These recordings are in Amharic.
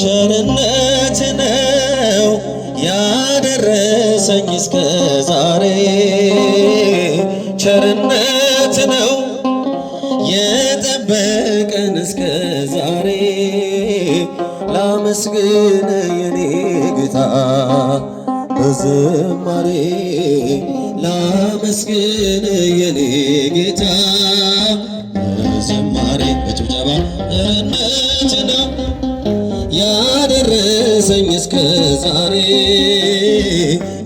ቸርነት ነው ያደረሰኝ እስከ ዛሬ ቸርነት ነው የጠበቀን እስከ ዛሬ ላመስግን የኔ ጌታ በዝማሬ ላመስግን የኔ ጌታ በዝማሬ በጭብጨባ አንቺ ነው ያደረሰኝ እስከ ዛሬ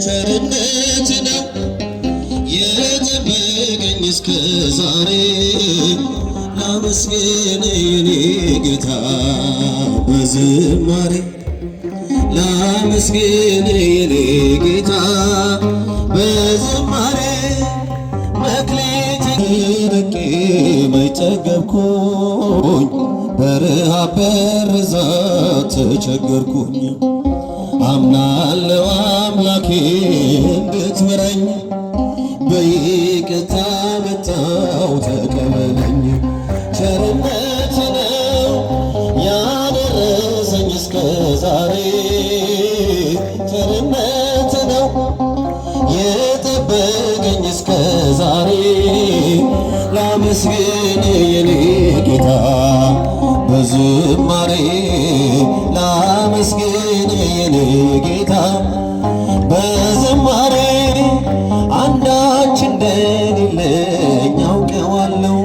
ቸርነት ነው የጠበቀኝ እስከ ዛሬ ላመስግን የኔ ጌታ በዝማሬ ላመስግን የኔ ጌታ በዝማሬ መክሊት ደቄ መይጠገብኩኝ በረሃብ በርዛት ተቸገርኩኝ። አምናለው አምላኬ እንድትምረኝ በይቅርታ መጣው ተቀበለኝ። ቸርነት ነው ያደረሰኝ እስከ ዛሬ ጌታ በዝማሬ አንዳች እንደሌለኝ አውቀዋለሁ።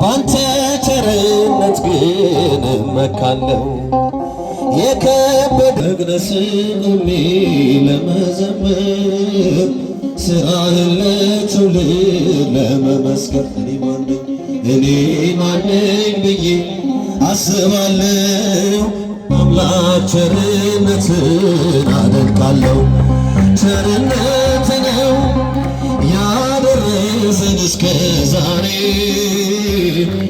ባንተ ቸርነት ግን እመካለሁ። የከበደ መቅደስን ለመዘመር ሥራህን ለትውልድ ለመመስከር እኔ ማነኝ እኔ ማነኝ ብዬ አስባለሁ። አምላክ ቸርነትን አደንቃለሁ። ቸርነት ነው ያደረሰን እስከ ዛሬ፣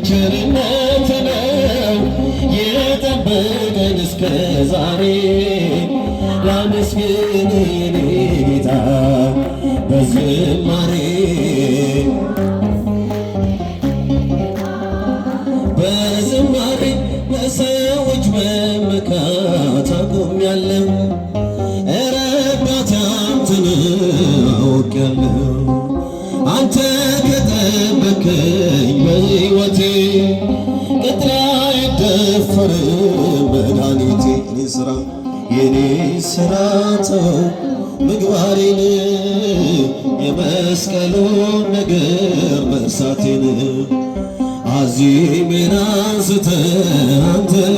ቸርነት ነው የጠበቀን እስከ ዛሬ። ላመስግን ጌታ በዝማሬ አንተ ከጠበከኝ በሕይወቴ ቅጥሬ አይደፈርም መድኃኒቴ። የኔ የኔ ሥራ ተው ምግባሬን የመስቀሉን ነገር መርሳቴን አዚሜን አንስተ አንተን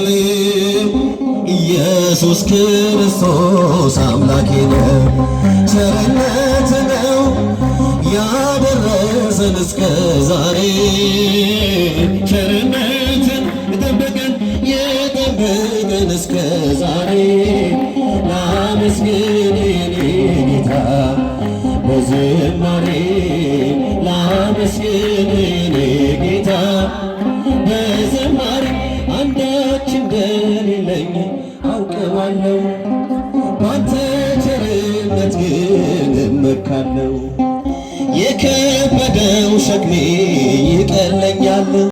ኢየሱስ ክርስቶስ አምላኬ ነው፣ ቸርነት ነው ያደረሰን እስከ ዛሬ። ቸርነትን የጠበቀን የጠበቀን እስከ ዛሬ ላመስግን የኔ ጌታ በዝማሬ እመካለሁ ባንተ ቸርነት ግን እመካለሁ የከበደው ሸክሜ ይቀለኛል።